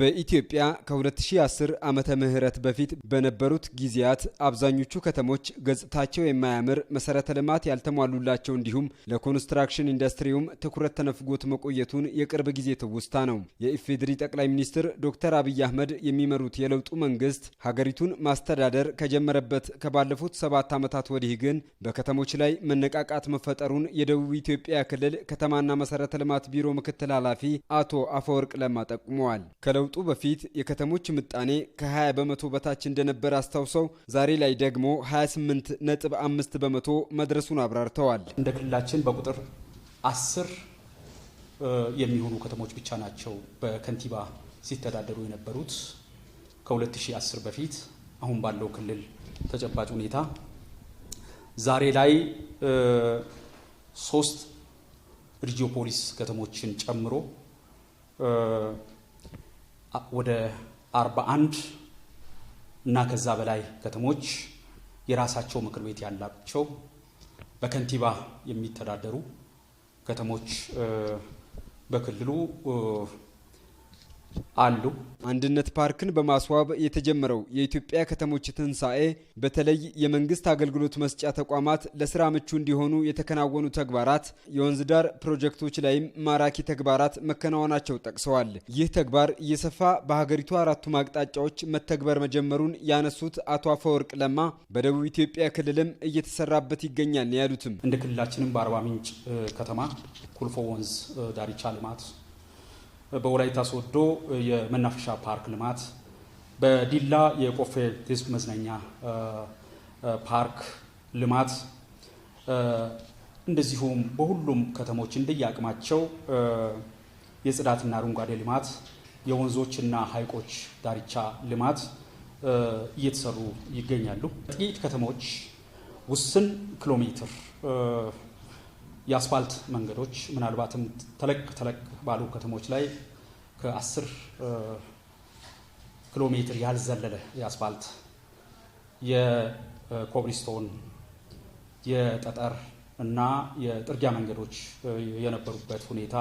በኢትዮጵያ ከ2010 ዓመተ ምህረት በፊት በነበሩት ጊዜያት አብዛኞቹ ከተሞች ገጽታቸው የማያምር መሰረተ ልማት ያልተሟሉላቸው እንዲሁም ለኮንስትራክሽን ኢንዱስትሪውም ትኩረት ተነፍጎት መቆየቱን የቅርብ ጊዜ ትውስታ ነው። የኢፌዴሪ ጠቅላይ ሚኒስትር ዶክተር አብይ አህመድ የሚመሩት የለውጡ መንግስት ሀገሪቱን ማስተዳደር ከጀመረበት ከባለፉት ሰባት ዓመታት ወዲህ ግን በከተሞች ላይ መነቃቃት መፈጠሩን የደቡብ ኢትዮጵያ ክልል ከተማና መሰረተ ልማት ቢሮ ምክትል ኃላፊ አቶ አፈወርቅ ለማ ጠቁመዋል። ከለውጡ በፊት የከተሞች ምጣኔ ከ20 በመቶ በታች እንደነበር አስታውሰው ዛሬ ላይ ደግሞ 28 ነጥብ 5 በመቶ መድረሱን አብራርተዋል። እንደ ክልላችን በቁጥር አስር የሚሆኑ ከተሞች ብቻ ናቸው በከንቲባ ሲተዳደሩ የነበሩት ከ2010 በፊት። አሁን ባለው ክልል ተጨባጭ ሁኔታ ዛሬ ላይ ሶስት ሪጂዮፖሊስ ከተሞችን ጨምሮ ወደ 41 እና ከዛ በላይ ከተሞች የራሳቸው ምክር ቤት ያላቸው በከንቲባ የሚተዳደሩ ከተሞች በክልሉ አሉ። አንድነት ፓርክን በማስዋብ የተጀመረው የኢትዮጵያ ከተሞች ትንሣኤ በተለይ የመንግስት አገልግሎት መስጫ ተቋማት ለስራ ምቹ እንዲሆኑ የተከናወኑ ተግባራት፣ የወንዝ ዳር ፕሮጀክቶች ላይም ማራኪ ተግባራት መከናወናቸው ጠቅሰዋል። ይህ ተግባር እየሰፋ በሀገሪቱ አራቱም አቅጣጫዎች መተግበር መጀመሩን ያነሱት አቶ አፈወርቅ ለማ በደቡብ ኢትዮጵያ ክልልም እየተሰራበት ይገኛል ያሉትም እንደ ክልላችንም በአርባ ምንጭ ከተማ ኩልፎ ወንዝ ዳርቻ ልማት በወላይታ ሶዶ የመናፈሻ ፓርክ ልማት፣ በዲላ የቆፌ ህዝብ መዝናኛ ፓርክ ልማት እንደዚሁም በሁሉም ከተሞች እንደየአቅማቸው የጽዳትና አረንጓዴ ልማት የወንዞችና ሐይቆች ዳርቻ ልማት እየተሰሩ ይገኛሉ። ጥቂት ከተሞች ውስን ኪሎ ሜትር የአስፋልት መንገዶች ምናልባትም ተለቅ ተለቅ ባሉ ከተሞች ላይ ከአስር ኪሎ ሜትር ያልዘለለ የአስፋልት የኮብልስቶን የጠጠር እና የጥርጊያ መንገዶች የነበሩበት ሁኔታ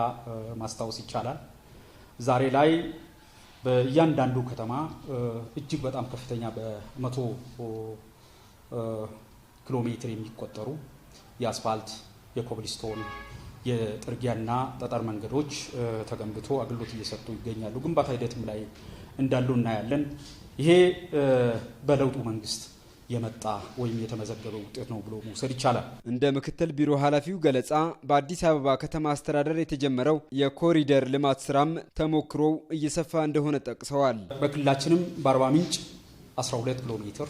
ማስታወስ ይቻላል። ዛሬ ላይ በእያንዳንዱ ከተማ እጅግ በጣም ከፍተኛ በመቶ ኪሎ ሜትር የሚቆጠሩ የአስፋልት የኮብልስቶን የጥርጊያና ጠጠር መንገዶች ተገንብቶ አገልግሎት እየሰጡ ይገኛሉ። ግንባታ ሂደትም ላይ እንዳሉ እናያለን። ይሄ በለውጡ መንግስት የመጣ ወይም የተመዘገበ ውጤት ነው ብሎ መውሰድ ይቻላል። እንደ ምክትል ቢሮ ኃላፊው ገለጻ በአዲስ አበባ ከተማ አስተዳደር የተጀመረው የኮሪደር ልማት ስራም ተሞክሮው እየሰፋ እንደሆነ ጠቅሰዋል። በክልላችንም በአርባ ምንጭ 12 ኪሎ ሜትር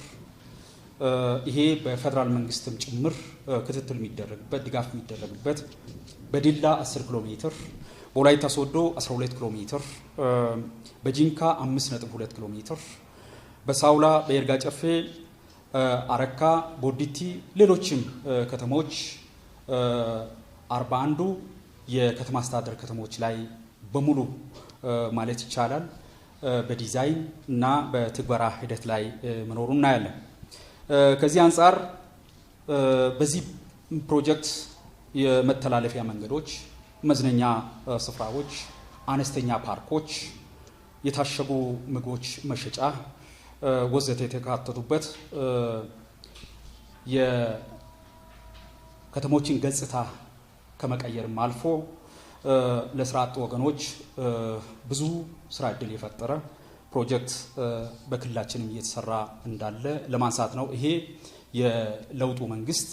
ይሄ በፌዴራል መንግስትም ጭምር ክትትል የሚደረግበት ድጋፍ የሚደረግበት በዲላ 10 ኪሎ ሜትር፣ በወላይታ ሶዶ 12 ኪሎ ሜትር፣ በጂንካ 5.2 ኪሎ ሜትር፣ በሳውላ በየርጋ ጨፌ፣ አረካ፣ ቦዲቲ ሌሎችም ከተሞች 41 የከተማ አስተዳደር ከተሞች ላይ በሙሉ ማለት ይቻላል በዲዛይን እና በትግበራ ሂደት ላይ መኖሩ እናያለን። ከዚህ አንጻር በዚህ ፕሮጀክት የመተላለፊያ መንገዶች፣ መዝነኛ ስፍራዎች፣ አነስተኛ ፓርኮች፣ የታሸጉ ምግቦች መሸጫ ወዘተ የተካተቱበት የከተሞችን ገጽታ ከመቀየርም አልፎ ለስራ አጥ ወገኖች ብዙ ስራ እድል የፈጠረ ፕሮጀክት በክልላችንም እየተሰራ እንዳለ ለማንሳት ነው። ይሄ የለውጡ መንግስት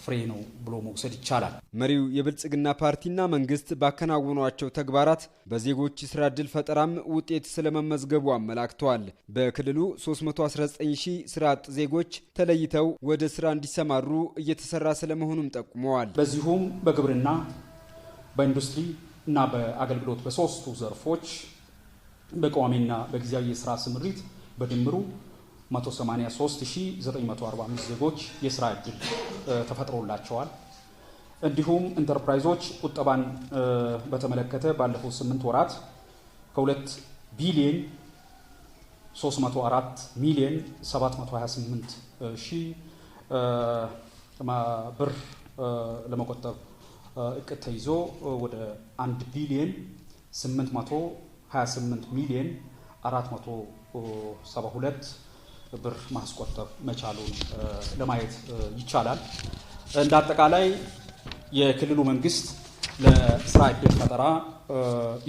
ፍሬ ነው ብሎ መውሰድ ይቻላል። መሪው የብልጽግና ፓርቲና መንግስት ባከናወኗቸው ተግባራት በዜጎች ስራ እድል ፈጠራም ውጤት ስለመመዝገቡ አመላክተዋል። በክልሉ 319 ሺህ ስራ አጥ ዜጎች ተለይተው ወደ ስራ እንዲሰማሩ እየተሰራ ስለመሆኑም ጠቁመዋል። በዚሁም በግብርና በኢንዱስትሪ እና በአገልግሎት በሶስቱ ዘርፎች በቋሚና በጊዜያዊ የስራ ስምሪት በድምሩ 183945 ዜጎች የስራ እድል ተፈጥሮላቸዋል። እንዲሁም ኢንተርፕራይዞች ቁጠባን በተመለከተ ባለፉት 8 ወራት ከ2 ቢሊዮን 304 ሚሊዮን 728 ሺህ ብር ለመቆጠብ እቅድ ተይዞ ወደ 1 ቢሊዮን 800 28 ሚሊዮን 472 ብር ማስቆጠብ መቻሉን ለማየት ይቻላል። እንደ አጠቃላይ የክልሉ መንግስት ለስራ ዕድል ፈጠራ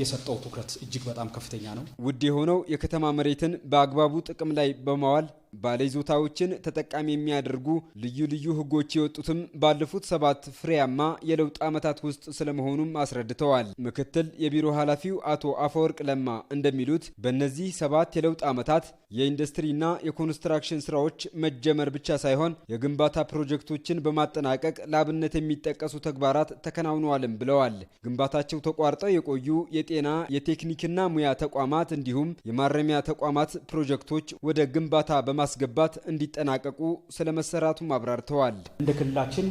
የሰጠው ትኩረት እጅግ በጣም ከፍተኛ ነው። ውድ የሆነው የከተማ መሬትን በአግባቡ ጥቅም ላይ በማዋል ባለይዞታዎችን ተጠቃሚ የሚያደርጉ ልዩ ልዩ ሕጎች የወጡትም ባለፉት ሰባት ፍሬያማ የለውጥ ዓመታት ውስጥ ስለመሆኑም አስረድተዋል። ምክትል የቢሮ ኃላፊው አቶ አፈወርቅ ለማ እንደሚሉት በእነዚህ ሰባት የለውጥ ዓመታት የኢንዱስትሪና የኮንስትራክሽን ስራዎች መጀመር ብቻ ሳይሆን የግንባታ ፕሮጀክቶችን በማጠናቀቅ ለአብነት የሚጠቀሱ ተግባራት ተከናውነዋልም ብለዋል። ግንባታቸው ተቋርጠው የቆዩ የጤና የቴክኒክና ሙያ ተቋማት እንዲሁም የማረሚያ ተቋማት ፕሮጀክቶች ወደ ግንባታ በማ ለማስገባት እንዲጠናቀቁ ስለመሰራቱ አብራርተዋል። እንደ ክልላችን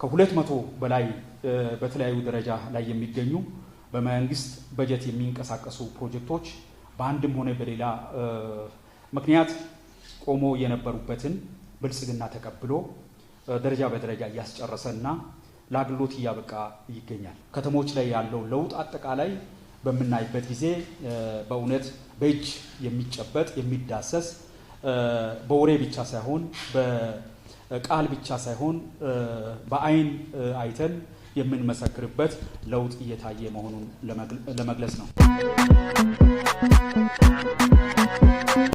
ከሁለት መቶ በላይ በተለያዩ ደረጃ ላይ የሚገኙ በመንግስት በጀት የሚንቀሳቀሱ ፕሮጀክቶች በአንድም ሆነ በሌላ ምክንያት ቆሞ የነበሩበትን ብልጽግና ተቀብሎ ደረጃ በደረጃ እያስጨረሰ እና ለአገልግሎት እያበቃ ይገኛል። ከተሞች ላይ ያለው ለውጥ አጠቃላይ በምናይበት ጊዜ በእውነት በእጅ የሚጨበጥ የሚዳሰስ በወሬ ብቻ ሳይሆን በቃል ብቻ ሳይሆን በአይን አይተን የምንመሰክርበት ለውጥ እየታየ መሆኑን ለመግለጽ ነው።